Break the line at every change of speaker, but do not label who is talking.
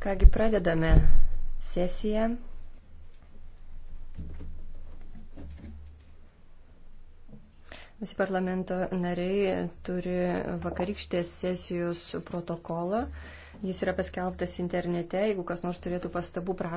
Kągi pradedame sesiją. Visi parlamento nariai turi vakarykštės sesijos protokolą. Jis yra paskelbtas internete. Jeigu kas nors turėtų pastabų, prašau.